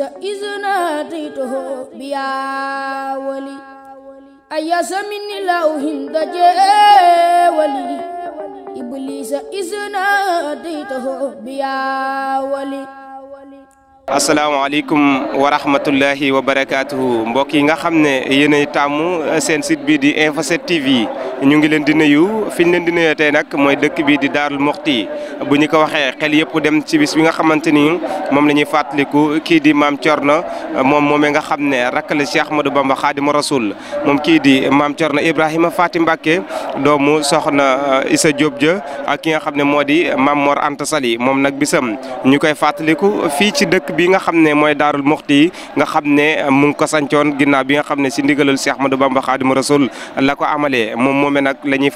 إذ ناديته بيا ولي أيا سمني لو هند ولي إبليس إذ ناديته بيا ولي asalaamaaleykum wa rahmatullahi wa barakaatuhu mbokk yi nga xam ne yéenay tàmm seen site bi di Info 7 TV ñu ngi leen di nuyu fi ñu leen di nuyoo tey nag mooy dëkk bi di Daarul Muxti bu ñu ko waxee xel yëpp dem ci bis bi nga xamante ni moom la ñuy fàttaliku kii di maam Thierno moom moomee nga xam ne rakk la Cheikh Ahmadou Bamba Xaadimu Rasul moom kii di maam Thierno Ibrahima Faati Mbàkke doomu soxna uh, Issa Diop ja ak ki nga xam ne moo di maam Mor Anta moom nag bisam ñu koy fàttaliku fii ci dëkk bi nga xam ne mooy daarul muxti yi nga xam ne mu ko sancoon ginnaaw bi nga xam ne si ndigalul Cheikh Ahmadou Bamba Xaadimu Rasul la ko amalee moom moome nag la ñuy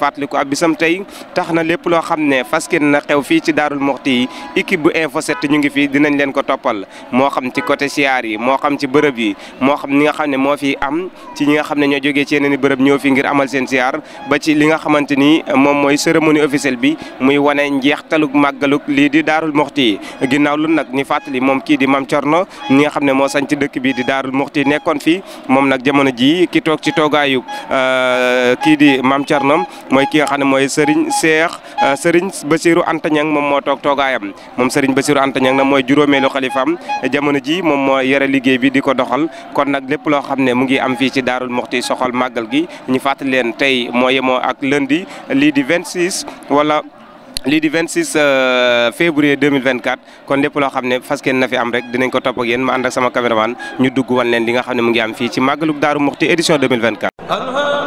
tax na lépp loo xam ne fasken na xew fii ci daarul muxti yi équipe bu info 7 ñu ngi fii dinañ leen ko toppal moo xam ci côté siyaar yi moo xam ci bërëb yi moo xam ni nga xam ne moo fi am ci ñi nga xam ne ñoo jógee ci yeneen i bërëb ñoo fi ngir amal seen siyaar ba ci li nga xamante ni moom mooy cérémonie officielle bi muy wane njeextalug màggalug lii di daarul muxti yi ginnaaw lu nag ñu fàttali moom kii di Mam Thierno ñi nga xam ne moo sañ ci dëkk bi di Daarul Muxti nekkoon fii moom nag jamono jii ki toog ci toogaayu euh, kii di Mam Thierno mooy ki nga xam ne mooy Serigne Cheikh euh, sëriñ Bassirou Anta moom moo toog toogaayam moom Serigne Bassirou Anta Niang nag mooy juróomeelu xalifaam jamono ji moom mooy yore liggéey bi di ko doxal kon nag lépp loo xam ne mu ngi am fii ci Daarul Muxti soxol màggal gi ñu fàttali leen tey moo yemoo ak lundi lii di 26 wala lii di 26 euh, février 2024 kon lépp loo xam ne fas kenn na fi am rek dinañ ko topp ak yéen ma am ak sama caméraman ñu dugg wan leen li nga xam ne mu ngi am fii ci màggalug Daaru Muxti édition 2024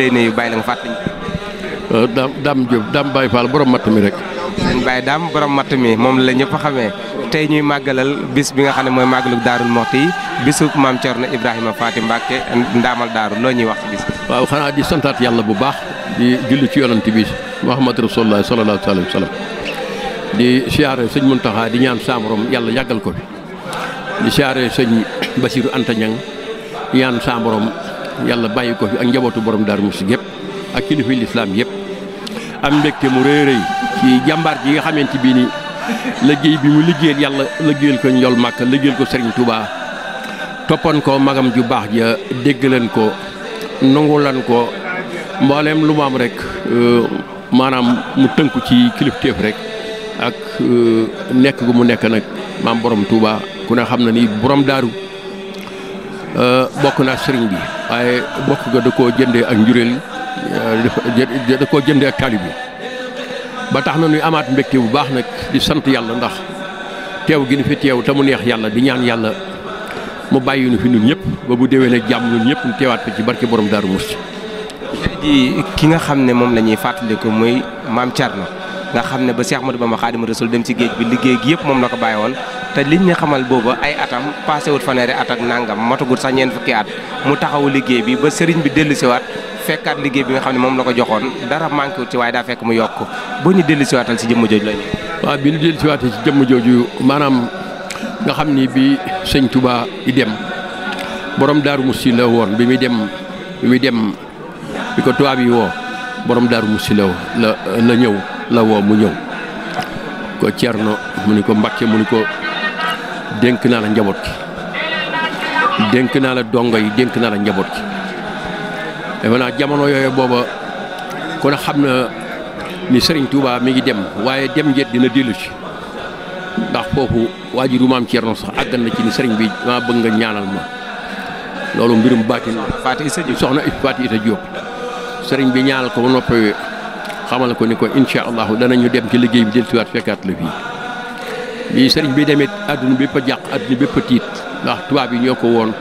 lay nuyu bàyyi la nga fàttali ñu. Euh, Dame Dame Diop Dame Baye Fall borom matt mi rek. seen Baye Dame borom matt mi moom la ñëpp xamee tey ñuy màggalal bis bi nga xam ne mooy màggalu Daarul Moxti bisu maam Thierno Ibrahima Faty Mbacke ndaamal daaru loo ñuy wax ci bis waaw xanaa di santaat yàlla bu baax di julli ci yonent bi Muhammad Rasulullah sallallahu alayhi wa sallam di siyaare sëñ Muntaxa di ñaan saamborom yàlla yàggal ko fi di siyaare sëñ Basiru Anta Ñang di ñaan saamborom yàlla bàyyi ko fi ak njabootu borom Darou Mouhty gépp ak kilifa lislaam yëpp am mbégte mu rëy rëy ci jàmbaar ji nga xamante bii ni liggéey bi mu liggéeyal yàlla liggéeyal ko njol màkk liggéeyal ko Serigne Touba toppan ko magam ju baax ja dégg leen ko nangu leen ko mbooleem lu mu am rek euh, maanaam mu tënku ci kilifteef rek ak euh, nekk gu mu nekk nag maam borom Touba ku ne xam na ni borom daaru bokk naa sëriñ bi waaye bokk ga da koo jënde ak njureel euh, da koo jëndee ak tali bi ba tax na ñuy amaat mbégte bu baax nag di sant yàlla ndax teew gi nu fi teew te mu neex yàlla di ñaan yàlla mu bàyyi nu fi ñun ñëpp ba bu déwénee jàmm ñun ñëpp ñu teewaat ko ci barke borom Daaru Musti di ki nga xam ne moom la ñuy fàttaliku muy maam na nga xam ne ba Cheikh Ahmadou Bamba Khadimu Rasul dem ci géej bi liggéey gi yëpp moom la ko bàyyi woon te liñ ñu xamal booba ay atam passé wut fanweeri at ak nangam matagut sax ñeent fukki at mu taxawu liggéey bi ba sëriñ bi dellu siwaat fekkaat liggéey bi nga xam ne moom la ko joxoon dara manqué wut ci waaye daa fekk mu yokk ba ñu dellu siwaatal si jëmm jooju la ñu waaw bi ñu dellu siwaatee si jëmm maanaam nga xam ni bi sëñ Touba dem borom daaru Moussi la woon bi muy dem muy dem ko tubaab yi woo borom daaru Moussi la la la ñëw la woo mu ñëw ko Cerno mu ni ko Mbàkke mu ni ko dénk naa la njaboot gi dénk naa la dongo yi dénk naa la njaboot gi defe naa jamono yooyu booba kon xam na ni sëriñ Touba mi ngi dem waaye dem njët dina dellu ci ndax foofu waajuru maam Thierno sax àggan na ci ni Serigne bi maa bëgg nga ñaanal ma loolu mbirum baatin soxna Faati Isa Diop sëriñ bi ñaanal ko ba noppi xamal ko ni ko incha allahu ñu dem ci liggéey bi dellusiwaat fekkaat la fii. bi sëriñ bi demee adduna bépp a jàq adduna bépp a tiit ndax tubaab yi ñoo ko woon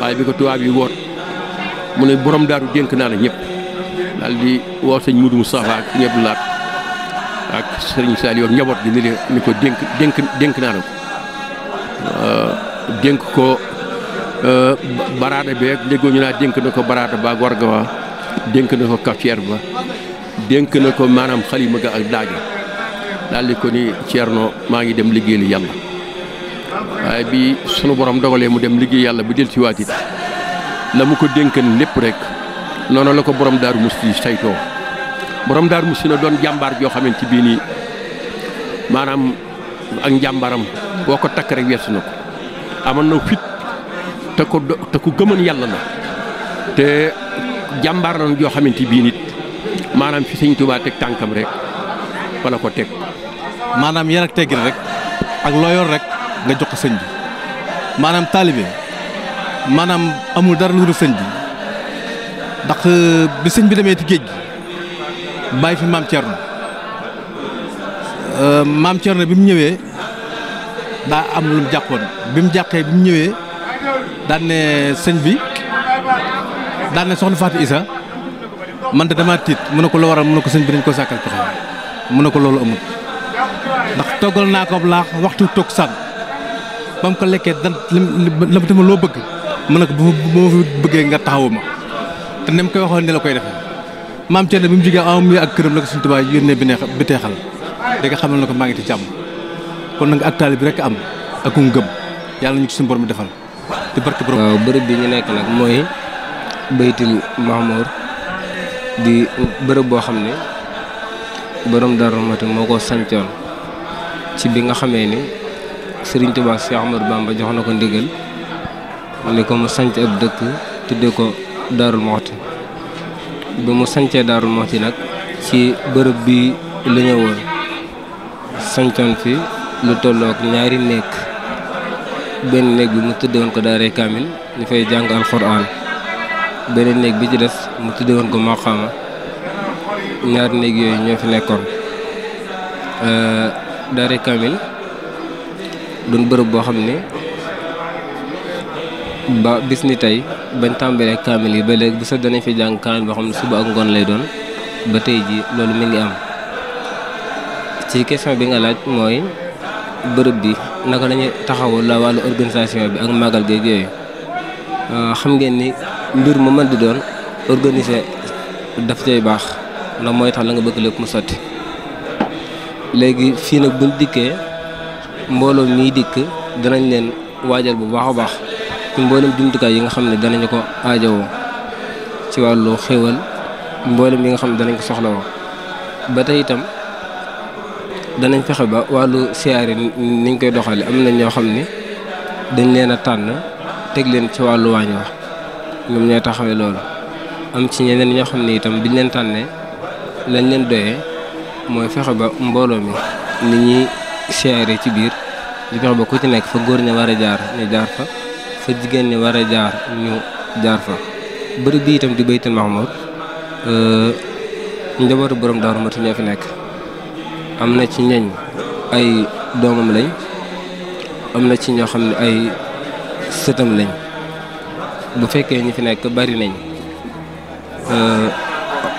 waaye bi ko tubaab yi woon mu ne borom daaru dénk naa la ñëpp daal di woo sëñ Mudu Mustafa ak ñëpp laat ak sëriñ Saliou njaboot gi ni leen ni ko dénk dénk dénk naa la ko dénk ko euh, baraada beeg déggoo ñu naa dénk na ko baraada ba gorga wa dénk na ko kafier ba dénk na ko maanaam xalima ga ak daajo daal ko ni Thierno maa ngi dem liggéeyal yàlla waaye bi sunu borom dogalee mu dem liggéey yàlla bu del ci waat it la mu ko dénkan lépp rek noonu la ko borom daaru musti saytoo borom daaru musti na doon jàmbaar joo xamante bii nii maanaam ak njàmbaram boo ko takk rek weesu na ko amoon na fit te ko te ko gëmën yàlla la te jàmbaar nañ joo xamante bii nit maanaam fi sëñ Tuubaa teg tànkam rek wala ko teg maanaam yar ak teggin rek ak loo yor rek nga jox ko sëñ bi maanaam taalibe maanaam amul dara lu sëñ bi ndax euh, bi sëñ bi demee ci géej gi bàyyi fi maam Thierno euh, maam Thierno bi mu ñëwee daa am lu mu jàppoon bi mu jàqee bi mu ñëwee daan ne sëñ bi daan ne soxna Fatou Issa man de damaa tiit mu ne ko loo waral mu ne ko sëñ bi dañ ko sàkkal pexe ne ko loolu amul. toggal naa ko laax waxtu toog san ba mu ko lekkee dan la mu tama loo bëgg mën na ko bu ma fi bëggee nga taxawu ma te nem koy waxoon ne la koy defee maam Thierno bi mu jógee am ak këram la ko suñu tubaab yónnee bi neex bi teexal da nga xamal na ko maa ngi ci jàmm kon nag ak taali bi rek am ak mu gëm yàlla ñu ko suñu borom defal di barke borom. waaw bërëb bi ñu nekk nag mooy baytul mahmour di bërëb boo xam ne borom Darou Rahmati moo ko sancoon ci bi nga xamee ni Serigne Touba Cheikh Ahmadou Bamba jox na ko ndigal ni ko mu sanc ab dëkk tuddee ko Darou Mouhty bi mu sancee Darou Mouhty nag ci bërëb bi la ñëwoon sancoon fi lu tollook ñaari néeg benn néeg bi mu tuddewoon ko daaree kaamil ñu fay jàng alxuraan beneen néeg bi ci des mu woon ko maqaama ñaari néeg yooyu ñoo fi nekkoon daare kaamil doon bërëb boo xam ne ba bis ni tey bañ tàmbalee kaamil yi ba léegi bu sa danañ fi jàng kaamil boo xam ne suba ak ngoon lay doon ba tey ji loolu mi ngi am ci question bi nga laaj mooy bërëb bi naka dañuy taxawu la wàllu organisation bi ak màggal géej géey euh, xam ngeen ni mbir mu mën di doon organiser daf cay baax ndax mooy tax la nga bëgg lépp mu sotti léegi fii nag buñ dikkee mbooloo nii dikk danañ leen waajal bu baax a baax ci jumtukaay yi nga xam ne danañu ko aajowoo ci wàllu xéwal mboolem yi nga xam ne danañ ko soxla woo ba tey itam danañ fexe ba wàllu siyaar yi niñ koy doxale am na ñoo xam ne dañ leen a tànn teg leen ci wàllu waañ wax ñoom ñooy taxawee loolu am ci ñeneen ñoo xam ne itam biñ leen tànnee nañ leen doyee mooy fexe ba mbooloo mi ni ñuy seere ci biir di fexe ba ku ci nekk fa góor ne war a jaar ñu jaar fa fa jigéen ña war a jaar ñu jaar fa bërëb bi itam di baytul mahmur euh, njabootu boroom daaru mati ñoo fi nekk am na ci ñeñ ay doomam lañ am na ci ñoo xam ne ay sëtam lañ bu fekkee ñu fi nekk bari nañ euh,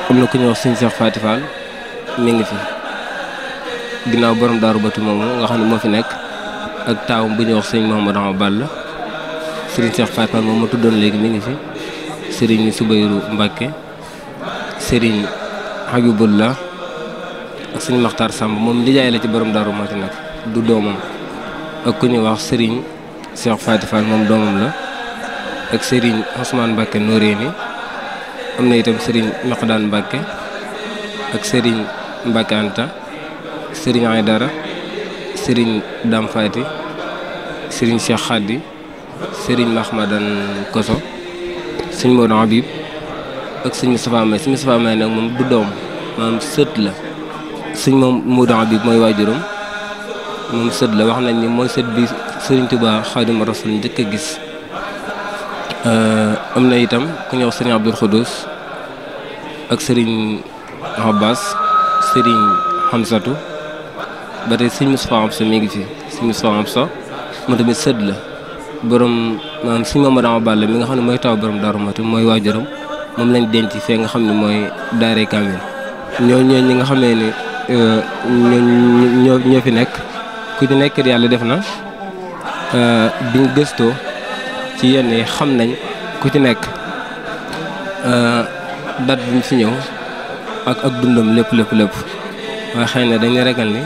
am na ku ñuy wax sëñ Cheikh mi ngi fi ginnaaw boroom daaru batu moomu nga xam ne moo fi nekk ak taawam bu ñuy wax sëñ Mouhamadou Ama Balla sëriñ Cheikh Faye Fall moom ma tuddoon léegi mi ngi fi sëriñ Soubayrou Mbacke sëriñ Habibullah ak sëñ Makhtar Samb moom lijaay la ci borom daaru moo ci nekk du doomam ak ku ñuy wax sëriñ Cheikh Faye moom doomam la ak sëriñ Ousmane Mbacke Noreyni am na itam sëriñ Maqdaan mbakke ak sëriñ Mbacke Anta Serigne Aydara Serigne Dame Fati Serigne Cheikh Khadi Serigne Mahmadan Koso Serigne Modou Habib ak Serigne Moustapha May Serigne May nag moom du doom maanaam sët la Serigne moom Modou Habib mooy waajuram moom sët la wax nañ ni mooy sët bi Serigne Touba Khadimou Rasoul njëkk a gis am na itam ku ñëw Serigne Abdoul Khoudous ak Serigne Abbas sëriñ Hamsatu ba tey sëñ Moustapha Hamsa mi ngi fi sëñ Moustapha Hamsa moom tamit sët la borom maanaam sëñ Mamadou Balla mi nga xam ne mooy taw borom Darou Mouhty mooy waajuram moom lañ denc fee nga xam ne mooy Daaray Kamil ñoo ñoo ñi nga xam ne euh, ñoo ñoo fi nekk ku ci nekk yàlla def na euh, biñ gëstoo ci yenn xam nañ ku ci nekk euh, date biñ fi ñëw ak ak dundam lépp lépp lépp waaye xëy na dañuy ragal ni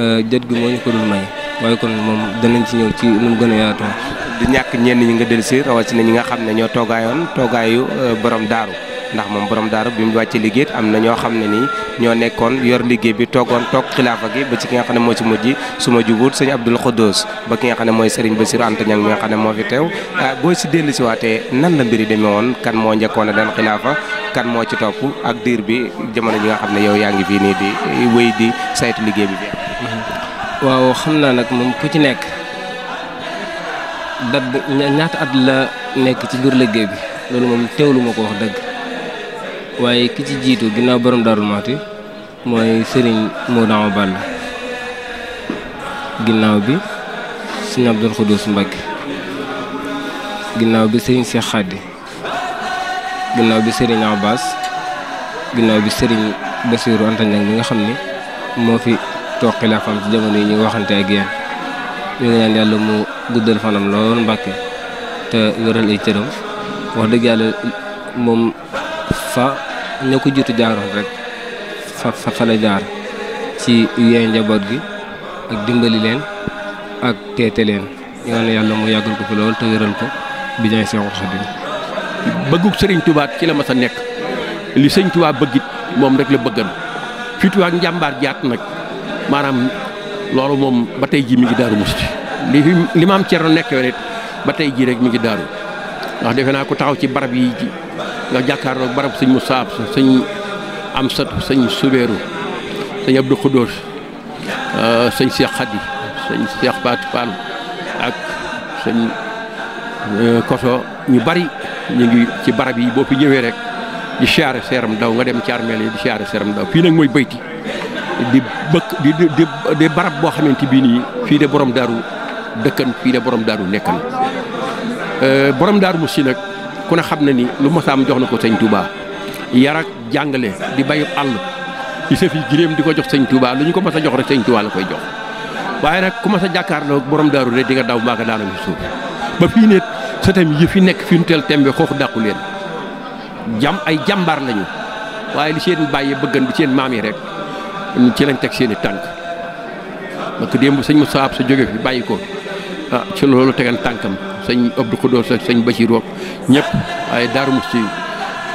euh, jot gi moo ñu ko dul may waaye kon moom danañ ci ñëw ci nu mu gën a yaatoo. du ñàkk ñenn ñi nga dellusi rawatina ñi nga xam ne ñoo toogaayoon toogaayu euh, borom daaru. ndax moom borom daara bi mu wàccee liggéey am na ñoo xam ne nii ñoo nekkoon yor liggéey bi toogoon toog xilaafa gi ba ci ki nga xam ne moo ci mujj su ma jubut sëñ Abdoul Khodos ba ki nga xam ne mooy Serigne Bassirou Anta Niang mi nga xam ne moo fi teew ah, boo si dellu si nan la mbir yi woon kan moo njëkkoon a dal xilaafa kan moo ci topp ak diir bi jamono ji nga xam ne yow yaa ngi fii nii di eh, wéy di saytu liggéey bi bi waaw xam nag moom ku ci nekk dat ñaata at la nekk ci biir liggéey bi loolu moom teewlu ma ko wax dëgg waaye ki ci jiitu ginnaaw borom Darou Mouhty mooy Serigne Modou Ama Balla ginnaaw bi Serigne Abdoul Khoudous Mbacké ginnaaw bi Serigne Cheikh Khady ginnaaw bi Serigne Abbas ginnaaw bi sëriñ Bassirou Anta Niang bi nga xam ni moo fi toog xilaafam ci jamono yi ñuy waxante ak yéen ñu ngi yàlla mu guddal fanam lool Mbacké te wéral ay cëram wax dëgg yàlla moom fa ña ko jiitu jaaroon rek fa fa fa la jaar ci yee njaboot gi ak dimbali leen ak teete leen ñaan yàlla mu yàggal ko fi lool te wéral ko bi jaay Seexul Xadiim bëggug sëriñ Tuubaa ci la ma sa nekk li sëñ Tuubaa bëggit moom rek la bëggan fitu njàmbaar jaat nag maanaam loolu moom ba tey ji mi ngi daaru musti li li maam Cerno nekk yoon it ba tey ji rek mi ngi daaru ndax defe naa ko taxaw ci barab yi nga jàkkaarloog barab sëñ Musaab sëñ Amsatu sañ Subeeru sëñ Abdou Khoudous euh, sëñ Cheikh Khady sëñ Cheikh Fatou Fall ak sëñ euh, Koso ñu bari ñu ngi ci barab yi boo fi ñëwee rek di siyaare seeram daw nga dem ci armeel yi di siyaare seeram daw fii nag mooy bayti di bëkk di di di barab boo xamante bii nii fii de borom daaru dëkkan fii de borom daaru nekkan euh, borom daaru mu si nag. ku ne xam na ni lu mosaam jox na ko sëñ Touba yar ak jàngale di bayub àll di sëf yi giréem di ko jox sëñ Touba lu ñu ko mos a jox rek sëñ Touba la koy jox waaye nag ku mos a jàkkaarloo borom daaru rek di nga daw mbaa nga daanu fi suuf ba fii ne sa tam yi fi nekk fi nu teel tembe xooxu dàqu leen jam ay jàmbaar lañu waaye li seen bàyyi bëggan di seen maam yi rek ci lañ teg seen i tànk parce que démb sëñ Moussa Absa jóge fi bàyyi ko ah ci loolu tegan tànkam. sëñ Abdou Khoudoss ak sëñ Bachir ak ñëpp waaye Darou Mouhty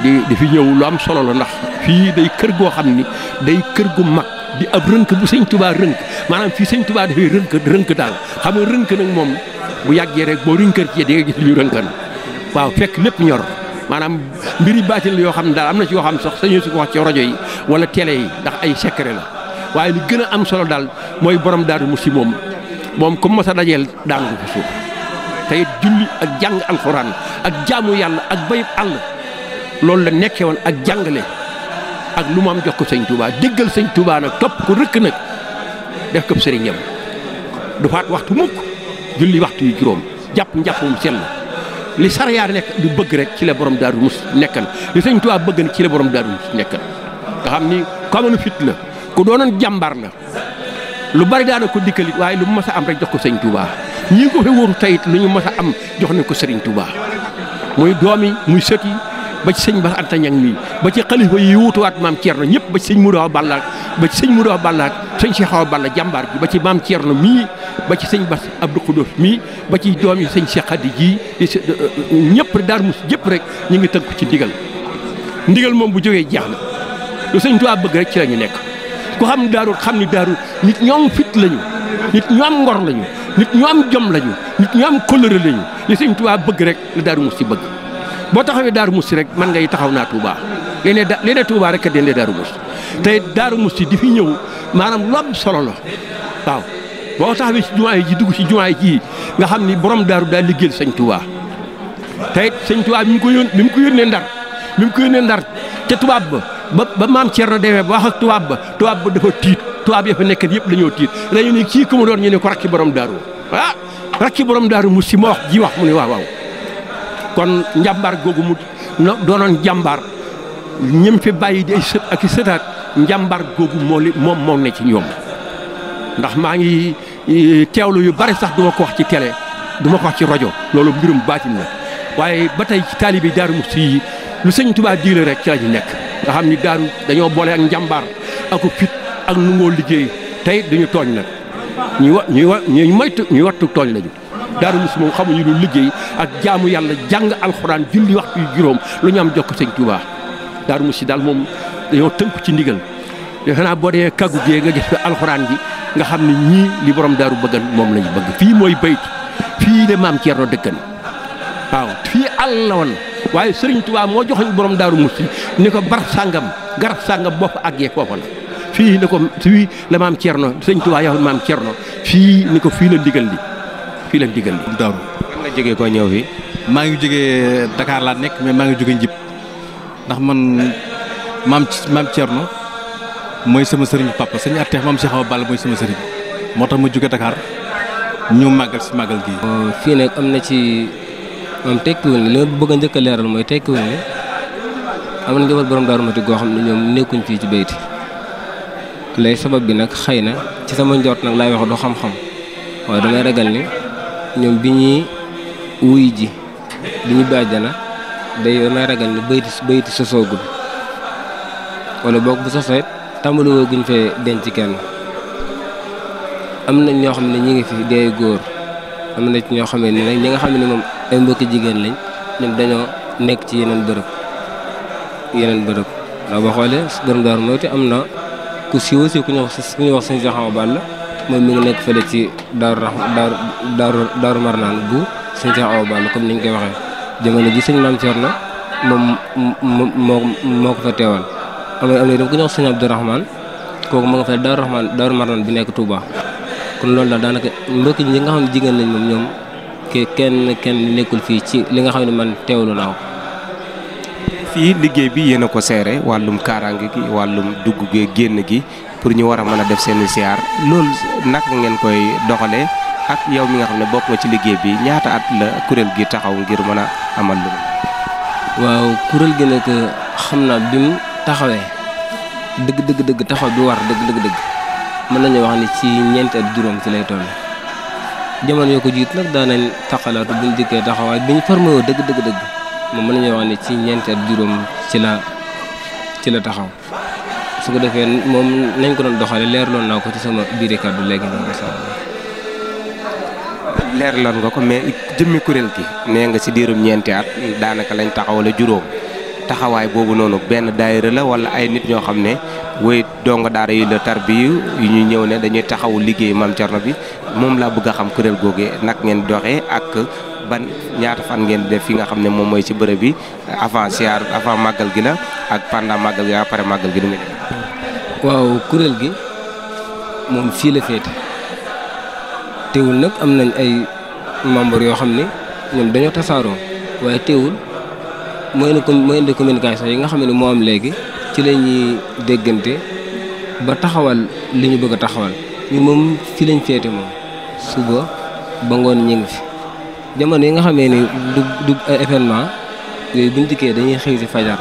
di di fi ñëw lu am solo la ndax fii day kër goo xam ni day kër gu mag di ab rënk bu sëñ Touba rënk maanaam fii sëñ Touba dafay rënk rënk daal xam nga rënk nag moom bu yàggee rek boo rënkër ci di nga gis lu rënkan waaw fekk lépp ñor maanaam mbiri baatil yoo xam ne daal am na ci yoo xam sax sañu su ko wax ci rajo yi wala télé yi ndax ay secret la waaye li gën a am solo daal mooy borom Darou Mouhty moom moom comme masa dajeel daanu ko suuf te it julli ak jàng alxuraan ak jaamu yàlla ak bayib àll loolu la nekkee woon ak jàngale ak lu mu am jox ko sëñ Touba déggal sëñ Touba nag topp ko rëkk nag def ko sëriñam du faat waxtu mukk julli waxtu yu juróom jàpp njàppum sell li sariya nekk du bëgg rek ci la borom daaru mus nekkal li sëñ Touba bëgg nag ci la borom daaru mus nekkal nga xam ni kamanu fit la ku doonoon jàmbar na lu bari daana ko dikkalit waaye lu mu mës am rek jox ko sëñ Touba ñi ko fi wóoru tayit lu ñu mën a am jox nañ ko Serigne Touba muy doom muy sët ba ci sëñ Bara Anta Niang mii ba ci xalifa yi wutuwaat maam na ñëpp ba sëñ Modou Awa Balla ba ci sëñ Modou Awa Balla sëñ Cheikh Awa Balla jàmbaar bi ba ci maam na mii ba ci sëñ Bass Abdou Khoudoss mii ba ci doom yi sëñ Cheikh Khady jii euh, euh, ñëpp daar mus jëpp rek ñu ngi tënku ci ndigal ndigal moom bu jógee jeex na lu sëñ Tuubaa bëgg rek ci la ñu nekk ku xam daarul xam ni daarul nit ñoom fit lañu nit ñoom ngor lañu nit ñu am jom lañu nit ñu am kóllëre lañu li sëñ bëgg rek la Daaru Musti bëgg boo taxawee Daaru Musti rek man ngay taxaw naa Tuubaa léeg-léeg da léeg rek kat dendee Daaru Musti te Daaru Musti di fi ñëw maanaam lu am solo la waaw boo taxawee ci jumaa ji dugg ci jumaa ji nga xam ni borom daaru daal liggéeyal sëñ Tuubaa te sëñ Tuubaa bi mu ko yón bi ko yónnee Ndar bi mu ko yónnee Ndar ca tubaab ba ba maam Cerno demee ba wax ak tubaab ba tubaab ba defa tiit tubaab ya fa nekk yëpp dañoo tiit dañu ne kii ku mu doon ñu ne ko rakki borom daaru ah rakki borom daaru mu si ma wax ji wax mu ne waaw waaw kon njàmbaar googu mu doonoon jàmbaar ñim fi bàyyi di ay ak i sëtaat njàmbaar googu moo moom moom ne ci ñoom ndax maa ngi teewlu yu bari sax duma ko wax ci télé duma ko wax ci rajo loolu mbirum baatin la waaye ba tey ci taalibi daaru mu si lu sëñ Tuubaa diile rek ci la nekk nga xam ni daaru dañoo boole ak njàmbaar ak fit ak nu liggéey tey dañu tooñ nag ñuy wa ñuy wa ñuy moytu ñuy wattu tooñ lañu daaru mus moom xamuñu lu liggéey ak jaamu yàlla jàng alxuraan julli waxtu yu juróom lu ñu am jokk sëñ Tuubaa daaru mus si daal moom dañoo tënk ci ndigal defe naa boo dee kaggu gee nga gis fi alxuraan gi nga xam ni ñii li borom daaru bëggan moom lañu bëgg fii mooy baytu fii de maam Ceerno dëkkan waaw fii àll la woon waaye Sëriñ tubaa moo joxoñ borom daaru mus ni ko barab sàngam garab sàngam boo fa àggee foofa fii la ko fii la maam Thierno sëñ Tuubaa yow maam Thierno fii ni ko fii la ndigal li fii la ndigal li. Daaru kan ñëw fii. maa ngi jóge Dakar laa nekk mais maa ngi jógee Njib ndax man maam maam Thierno mooy sama sëriñ papa sëñ Atex maam Cheikh Awa Balla mooy sama sëriñ moo tax ma jógee Dakar ñu màggal si màggal gi euh, fii nag am na ci moom tekkiwul ni li ma bëgg a njëkk leeral mooy tekkiwul ni am na njaboot borom Daaru Muxti goo xam ne ñoom nekkuñ fii ci bayti lay sabab bi nag xëy na ci sama njoot nag laay wax du xam-xam waaye damay ragal ni ñoom bi ñuy wuy ji bi ñu bàjjana day damay ragal ni bayti bayti sosoogul wala boog bu sosoet tàmbali woo guñ fee denc kenn am na ñoo xam ne ñu ngi fi dee góor am na ci ñoo xam ne nag nga xam ne moom ay mbokki jigéen lañ ñoom dañoo nekk ci yeneen bërëb yeneen bërëb ndax boo xoolee borom daaru moytu am na ku siiw si ku ñuy wax ku ñuy wax sëñ Jaxama Ball moom mi ngi nekk fële ci Daaru Daaru Daaru Daaru Marnaan bu sëñ Jaxama Ball comme ni ñu koy waxee jamono ji sëñ Maam na moom moo moo ko fa teewal am am na itam ku ñuy wax sëñ Abdourahmane kooku ma nga fay Daaru Rahman Daaru Marnaan bi nekk Touba kon loolu daal daanaka mbokk ñi nga xam ne jigéen lañ moom ñoom kenn kenn nekkul fii ci li nga xam ne man teewlu naa fii liggéey bi yéen a ko seere wàllum kaaraange gi wàllum dugg gi génn gi pour ñu war a mën a def seen siyaar loolu naka ngeen koy doxalee ak yow mu nga xam ne bokk nga ci liggéey bi ñaata at la kuréel gi taxaw ngir mën a amal lu waaw kuréel gi nag xam na bi mu taxawee dëgg dëgg dëgg taxaw bi war dëgg dëgg dëgg mën nañu wax ni ci ñeenti juróom ci lay toll jamono yoo ko jiit nag daanañ taxalaatu buñ dikkee taxawaay bi ñu formé dëgg dëgg dëgg moom mën nañoo wax ne ci ñeenti juróom ci la ci la taxaw su ko defee moom nañ ko doon doxale leerloon naa ko ci sama biiri kàddu léegi noonu incha allah. leerloon nga ko mais jëmmi kuréel gi nee nga si diirum ñeenti at daanaka lañ taxawale juróom taxawaay boobu noonu benn daayira la wala ay nit ñoo xam ne woy donga daara yu la tarbiyu yu ñu ñëw ne dañuy taxawu liggéey maam Thierno bi moom laa bëgg a xam kuréel googee nag ngeen doxee ak. ban ñaata fan ngeen def fi nga xam ne moom mooy ci bërëb bi avant siyaar avant màggal gi na ak pendant màggal gi après màggal gi nu ngeen waaw kuréel gi moom fii la féete teewul nag am nañ ay membres yoo xam ne ñoom dañoo tasaaroo waaye teewul mooy indi mooy indi communication yi nga xam ne moo am léegi ci la déggante ba taxawal li bëgg a taxawal ñu lañ féete moom suba ba ngoon ñu ngi fi. jamono yi nga xamee ni du du euh, événement yooyu buñ dikkee dañuy xëy si fajar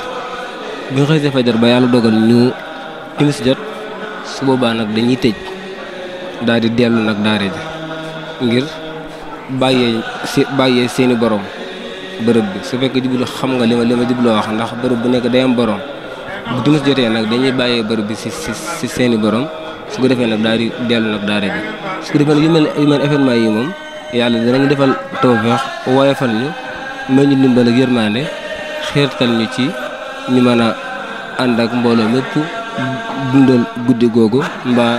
buñ xëy si fajar ba yàlla dogal ñu timis jot su boobaa nag dañuy tëj daal di dellu nag daara ji ngir bàyyee si bàyyee seeni borom bërëb bi su fekkee jublu xam nga li ma li ma jubloo wax ndax bërëb bu nekk day am borom bu timis jotee nag dañuy bàyyee bërëb bi si si si seeni borom su ko defee nag daal di dellu nag daara ji su ko defee nag yu mel yu mel événement yi moom. yàlla dinañ defal tawfeex woyofal ni ma ñu ndimbal ak yërmaande xiirtal ñu ci ñu mën a ànd ak mbooloo mépp dundal guddi googu mbaa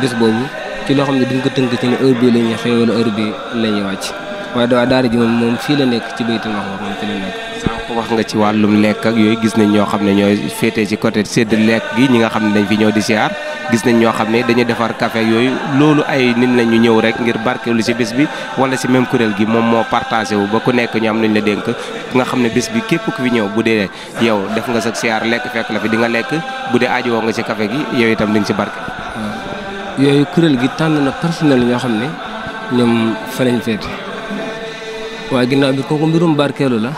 bés boobu ci loo xam ni duñ ko tënk ci ne heure bii la ñuy xëy wala heure la ñuy wàcc waaye daal daara ji moom moom fii la nekk ci baytul maxmuur moom fi la nekk. wax nga ci wàllum lekk yooyu gis nañ ñoo xam ne ñooy féetee ci côté sédd lekk gi ñi nga xam ne dañ fi ñëw nañ ñoo xam ne dañuy defar café yooyu loolu ay nit la ñu ñëw rek ngir barkeelu ci bés bi wala ci même kuréel gi moom moo partagé wu ba nekk ñu am nañ la dénk nga xam ne bés bi képp ku fi ñëw bu dee yow def nga sa siyaar lekk fekk la fi di nga lekk bu dee aajowoo nga ci café gi yow itam di nga ci barke kuréel gi tànn na personnel ñoo xam ne ñoom fa lañ féete waaye ginnaaw bi kooku mbirum barkeelu la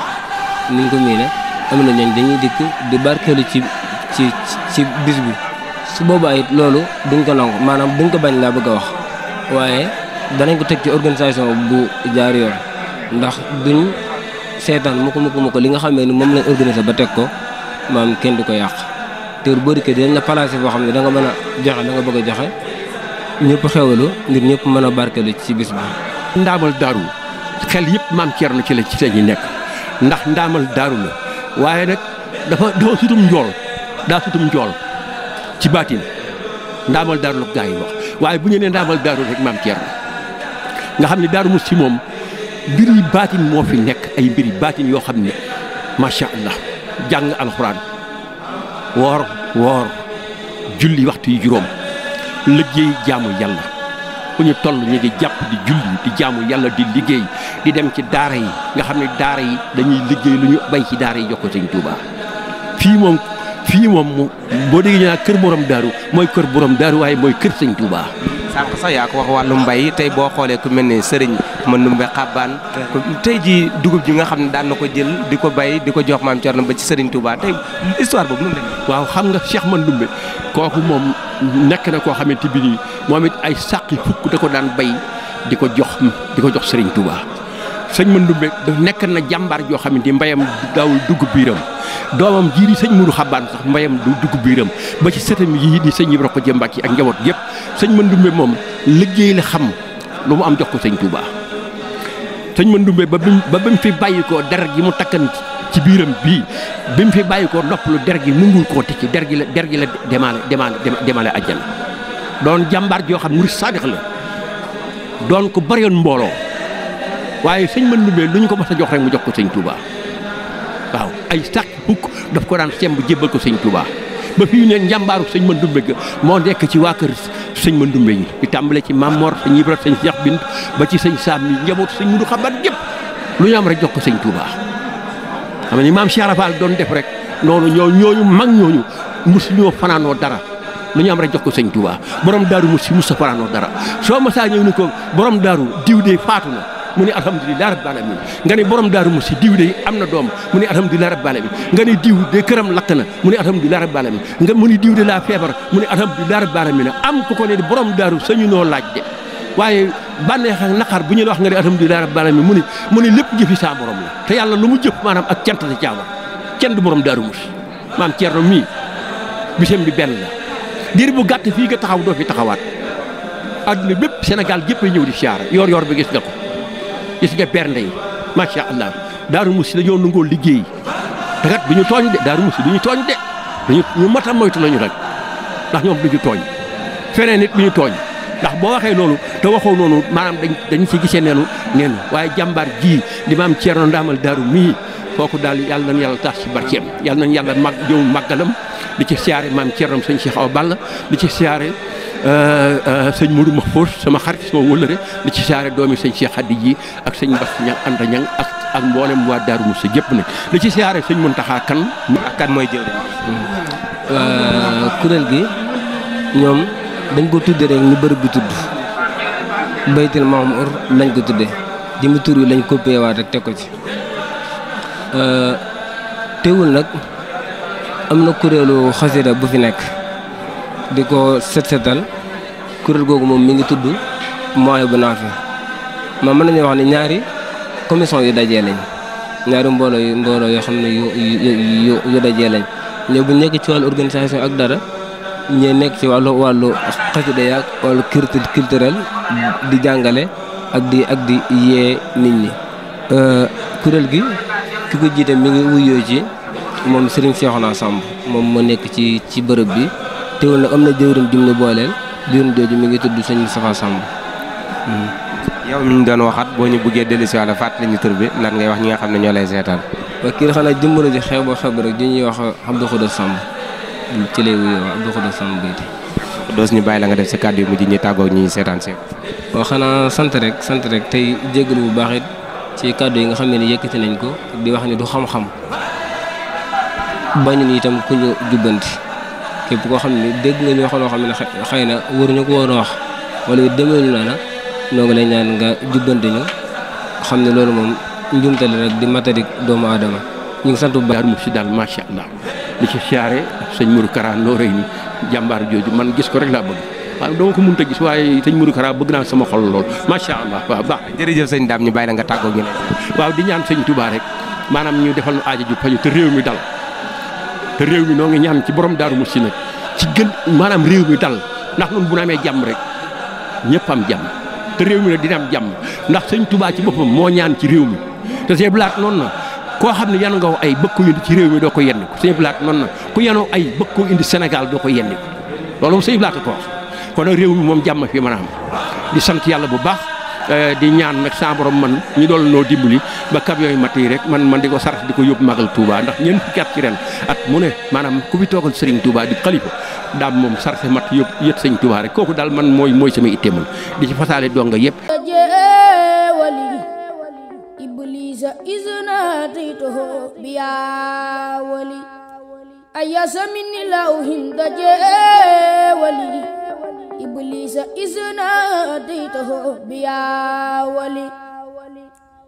ni ñu ko miine am na ñooñ dañuy dikk di barkeelu ci ci ci bis bi su boobaa it loolu duñ ko nangu maanaam duñ ko bañ laa bëgg a wax waaye danañ ko teg ci organisation bu jaar yoon ndax duñ seetaan mu ko mu ko li nga xamee ni moom lañ organisé ba teg ko maam kenn du ko yàq te bu bëri dinañ la placé foo xam ne da nga mën a joxe da nga bëgg a joxe ñëpp xewalu ngir ñëpp mën a barkeelu ci bis bi. ndaamal daaru xel yëpp maam Thierno ci la ci la ñuy nekk. ndax ndaamal daaru la waaye nag dafa dafa sutum njool daa sutum njool ci baatin ndaamal daaru la gaa wax waaye bu ñu nee ndaamal daaru rek maam Thierno nga xam ni daaru Muxti moom mbir yi baatin moo fi nekk ay mbir yi baatin yoo xam ne macha allah jàng alxuraan woor woor julli waxtu yi juróom liggéey jaamu yàlla fu ñu toll ñu jàpp di julli di jaamu yàlla di liggéey di dem ci daara yi nga xam ne daara yi dañuy liggéey lu ñu bay ci daara yi jox ko Sëñ Tuubaa fii moom fii moom boo déggee ñu kër borom daaru mooy kër borom daaru waaye mooy kër Sëñ Tuubaa sànq sa yaa ko wax wàllu mbay tey boo xoolee ku mel ne sëriñ man Mandumbe Xabaan tey ji dugub ji nga xam ne daan na ko jël di ko bay di ko jox maam Cerno ba ci Serigne Touba tey histoire boobu noonu la. waaw xam nga Cheikh Mandumbe kooku moom nekk na koo xamante bi nii moom it ay sàqi fukk da daan bay di ko jox di ko jox Serigne Touba sëñ Mandumbe nekk na jàmbaar joo xamante ni mbayam daawul dugub biiram doomam jii di sëñ Mourou Xabaan sax mbayam du dugub biiram ba ci sëtam yii di sëñ Ibra ko jëmbaat yi ak njaboot yëpp sëñ Mandumbe moom liggéey la xam lu mu am jox ko sëñ Touba. sëñ Mandoumbe ba ba bi mu fi bàyyi koo der gi mu takkan ci biiram bii bi mu fi bàyyi koo noppalu der gi nungul koo tikki der gi la der gi la demaale demaale demaale àjjana doon jàmbaar joo xam murid saadix la doon ko bari mbooloo waaye sëñ Mandoumbe lu ñu ko mas a jox rek mu jox ko sëñ Touba waaw ay sàq bukk daf ko daan semb jébbal ko sëñ Touba. ba fi ñu ne njàmbaaru sëñ Mandoumbe ga moo nekk ci waa kër sëñ Mandoumbe yi di tàmbale ci Mamor sëñ Ibra sañ Cheikh Bint ba ci sañ Saam mi njaboot sëñ Mudu Xaban gépp lu ñu am rek jox ko sëñ Touba xam ni maam Cheikh doon def rek noonu ñoo ñooñu mag ñooñu mosuñoo fanaanoo dara lu ñu am rek jox ko sëñ Touba borom daaru mos si mos a fanaanoo dara soo masaa ñëw ni ko boroom daaru diw de faatu na mu ni alhamdulilah rabbil alamin nga ni borom daaru musi diw de am na doom mu ni alhamdulilah rabbil alamin nga ni diw de këram lakk na mu ni alhamdulilah rabbil alamin nga mu ni diw de laa feebar mu ni alhamdulilah rabbil alamin am ku ko ne borom daaru sañu noo laaj de waaye bànneex ak naqar bu ñu la wax nga ne alhamdulilah rabbil alamin mu ni mu ni lépp jëfi saa borom la te yàlla lu mu jëf maanaam ak cant la caa war kenn du borom daaru musi maam Thierno mii bisam bi benn la diir bu gàtt fii nga taxaw doo fi taxawaat adduna bépp Sénégal gépp ñëw di siyaara yor yor bi gis nga ko gis nga bernde yi macha allah daaru musi dañoo nangoo liggéey te kat du ñu tooñ de daaru musi du ñu tooñ de dañu ñu moytu lañu rek ndax ñoom du ñu tooñ feneen nit du ñu tooñ ndax boo waxee loolu te waxoo noonu maanaam dañ dañu si gisee neenu neenu waaye jàmbaar ji di maam Ceerno Ndaamal Daaru mii kooku daal yàlla nañu yàlla tax ci barkeem yàlla nañu yàlla mag jëw màggalam di ci siyaare maam Ceerno sëñ Cheikh Awa Balla di ci siyaare Euh, euh, sëñ Modou Mahfouz sama xarit sama wëllëre li ci siyaare doomi sëñ Cheikh Khady ji ak sëñ Bass Ñang Anta ak ak mboolem waa Darou Moussa jëpp nag li ci suñ sëñ Mountakha kan. ak kan mooy jëwriñ. Euh, kuréel gi ñoom dañ ko tuddee rek ñu bëri bu tudd baytil Mahmour lañ ko tuddee di mu tur yi lañ ko peewaat rek teg ko ci teewul nag am na kuréelu xasida bu fi nekk. di ko set setal kuréel googu moom mi ngi tudd mooy bu naafi ma mën nañu wax ne ñaari commission yu dajee lañ ñaari mbooloo yu mbooloo yoo xam ne yu yu yu dajee lañ ñoo bu nekk ci wàllu organisation ak dara ñee nekk ci wàllu wàllu xasida yaak wàllu culture di jàngale ak di ak di yee nit ñi euh, kuréel gi ki ko jiite mi ngi wuyoo ci moom Serigne Cheikhouna Samb moom moo nekk ci ci bërëb bi teewul nag am na jëwriñ jum ne booleel jëwriñ jooju mi ngi tudd sëñ Moustapha Samb. Hmm. yow mi ñu doon waxaat boo ñu buggee dellu si wàlla fàttali ñu tur bi lan ngay wax ñi nga xam ne ñoo lay seetaan. waaw kii xanaa jëmbale ji xew ba xew rek di ñuy wax Abdou Khoudous Samb hmm, ci lay wuyoo Abdou Khoudous Samb béyti. doos ñu bàyyi la nga def sa kàddu yu mujj ñi tàggoog ñi seetaan si. waaw xanaa sant rek sant rek tey jégalu bu baax it ci kàddu yi nga xam ne yëkkati nañ ko di wax ni du xam-xam bañu itam ku ñu jubbanti. képp koo xam ne dégg nga ñu wax loo xam ne xëy na waruñu ko woon wax wala yu demeewul noonu noo ngi lay ñaan nga jubbante ñu xam ne loolu moom njumte la rek di matadik doomu aadama ñu ngi sant bu baax. si daal macha allah di ci siyaare sëñ Mourou Kara loo rëy jàmbaar jooju man gis ko rek laa bëgg waaw dama ko gis waaye sëñ Mourou Kara bëgg naa sama xol lool macha allah waaw baax jërëjëf sëñ Dame ñu bàyyi la nga tàggoo ñu ne waaw di ñaan sëñ tubaa rek maanaam ñu defal nu aajo ju faju te réew mi dal te réew mi noo ngi ñaan ci borom daaru si nag ci gën maanaam réew mi dal ndax nun bu ñu amee jàmm rek ñëpp am jàmm te réew mi nag dina am jàmm ndax sëñ Tuubaa ci boppam moo ñaan ci réew mi te sëñ Blaat noonu na koo xam ne yan ngaw ay bëgg ko indi ci réew mi doo ko yenn ko sëñ Blaat noonu na ku yanoo ay bëgg ko indi Sénégal doo ko yenn ko loolu sëñ Blaat ko wax kon nag réew mi moom jàmm fi mën di sant yàlla bu baax Euh, di ñaan nag sa man ñu dool loo dimbali ba camion yooyu mat yi rek man man di ko sarax di ko yóbbu magal Touba ndax ñeent fukki at ci ren at mu ne maanaam ku fi toogal Serigne Touba di xalifa daam moom sarse mat yëpp yët Serigne Touba rek kooku daal man mooy mooy sama ittee man di ci fasaale donga yëpp iblisa isnataytuhu إبليس إذ ناديته بيا ولي